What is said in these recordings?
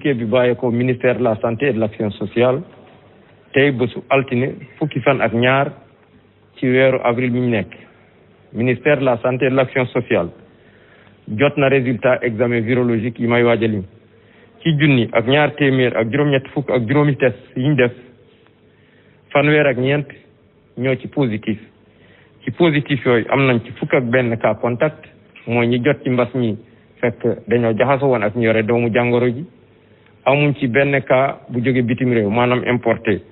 communiqué bi bàyyeekoo ministère de la santé et de l'action sociale tey bésu altine fukki fan ak ñaar ci weeru avril mi ñu nekk ministère de la santé et de l'action sociale jot na résultat examen virologique yi may waaj ci junni ak ñaar téeméer ak juróom-ñett fukk ak juróomi test yi ñu def fanweer ak ñeent ñoo ci positif ci positif yooyu am nañ ci fukk ak benn cas contact mooy ñi jot ci mbas ñi fekk dañoo jaxasoo woon ak ñu yore doomu jàngoro ji amuñ ci benn cas bu jóge bitim réew maanaam importé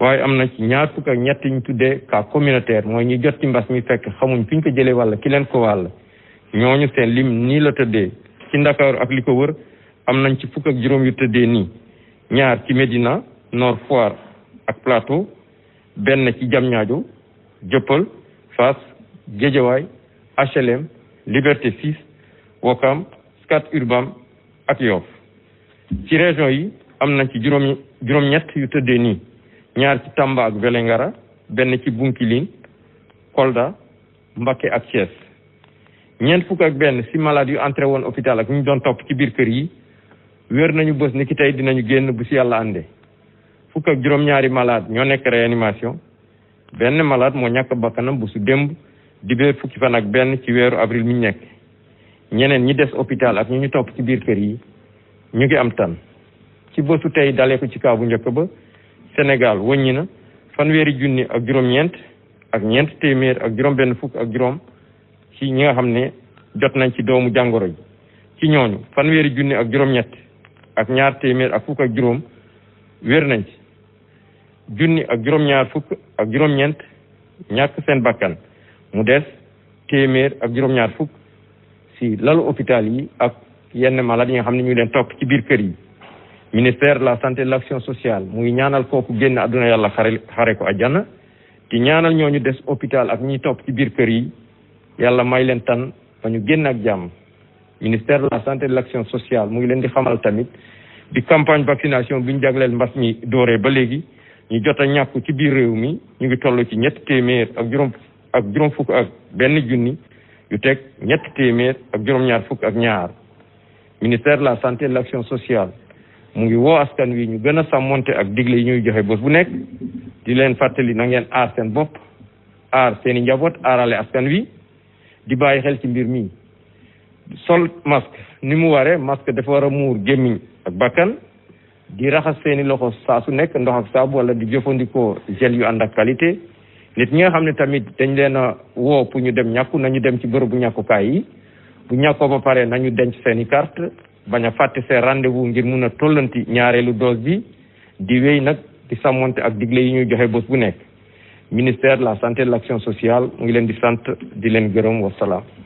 waaye am na ci ñaar fukk ak ñett ñu tuddee cas communautaire mooy ñuy jot ci mbas mi fekk xamuñ fi ñu ko jëlee walla ki leen ko wàll ñooñu seen lim nii la tëddee ci Ndakaaru ak li ko wër am nañ ci fukk ak juróom yu tëddee nii ñaar ci Médina Nord Foire ak Plateau benn ci jëppal Dieuppeul Fass Guédiawaye HLM Liberté 6 Ouakam Scat Urbam ak Yoff ci région yi am na ci juróom juróom-ñett yu tëddee nii ñaar ci Tamba ak Vélingara benn ci Bunkiling Kolda Mbacké ak Thiès ñeent fukk ak benn si malade yu entré woon hôpital ak ñu doon topp ci biir kër yi wér nañu bës ni ki tey dinañu génn bu si yàlla ànde fukk ak juróom-ñaari malade ñoo nekk réanimation benn malade moo ñàkk bakkanam bu su démb dibéer fukki fan ak benn ci weeru avril mi nekk ñeneen ñi des hôpital ak ñu ñu topp ci biir kër yi ñu ngi am tan ci bësu tey dalee ci kaw bu njëkk ba Sénégal wëññi na fanweeri junni ak juróom-ñeent ak ñeent téeméer ak juróom-benn fukk ak juróom ci ñi nga xam ne jot nañ ci doomu jàngoro ji ci ñooñu fanweeri junni ak juróom-ñett ak ñaar téeméer ak fukk ak juróom wér nañ ci junni ak juróom-ñaar fukk ak juróom-ñeent ñàkk seen bakkan mu des téeméer ak juróom-ñaar fukk si lalu hôpital yi ak yenn malade yi nga xam ne ñu ngi leen topp ci biir kër yi ministère de la santé de l'action sociale mu ngi ñaanal kooku génn adduna yàlla xare xare ko àjjana di ñaanal ñoo ñu des hôpital ak ñu topp ci biir kër yi yàlla may leen tan ba ñu génn ak jàmm ministère de la santé de l'action sociale mu ngi leen di xamal tamit di campagne vaccination bi ñu jagleel mbas mi dooree ba léegi ñu jot a ñàkku ci biir réew mi ñu ngi toll ci ñetti téeméer ak juróom ak juróom fukk ak benn junni yu teg ñetti téeméer ak juróom ak ñaar ministère la santé et de l'action sociale mu ngi woo askan wi ñu gën a sàmmonte ak digle yi ñuy joxe bés bu nekk di leen fàttali na ngeen aar seen bopp aar seen i njaboot aarale askan wi di bàyyi xel ci mbir mi sol masque ni mu waree masque dafa war a muur gémmiñ ak bakkan di raxas seeni loxo saa su nekk ndox ak saabu wala di jëfandikoo gel yu ànd ak qualité nit ñi nga xam ne tamit dañ leen a woo pour ñu dem ñàkku nañu dem ci bërëbu ñàkkukaay yi bu ñàkkoo ba paree nañu denc seen i carte bañ a fàtte seen rendez ngir mun a tollanti ñaareelu dose bi di wéy nag di sàmmonte ak digle yi ñuy joxe bés bu nekk ministère de la santé et de l'action sociale mu ngi leen di sant di leen gërëm wasalaam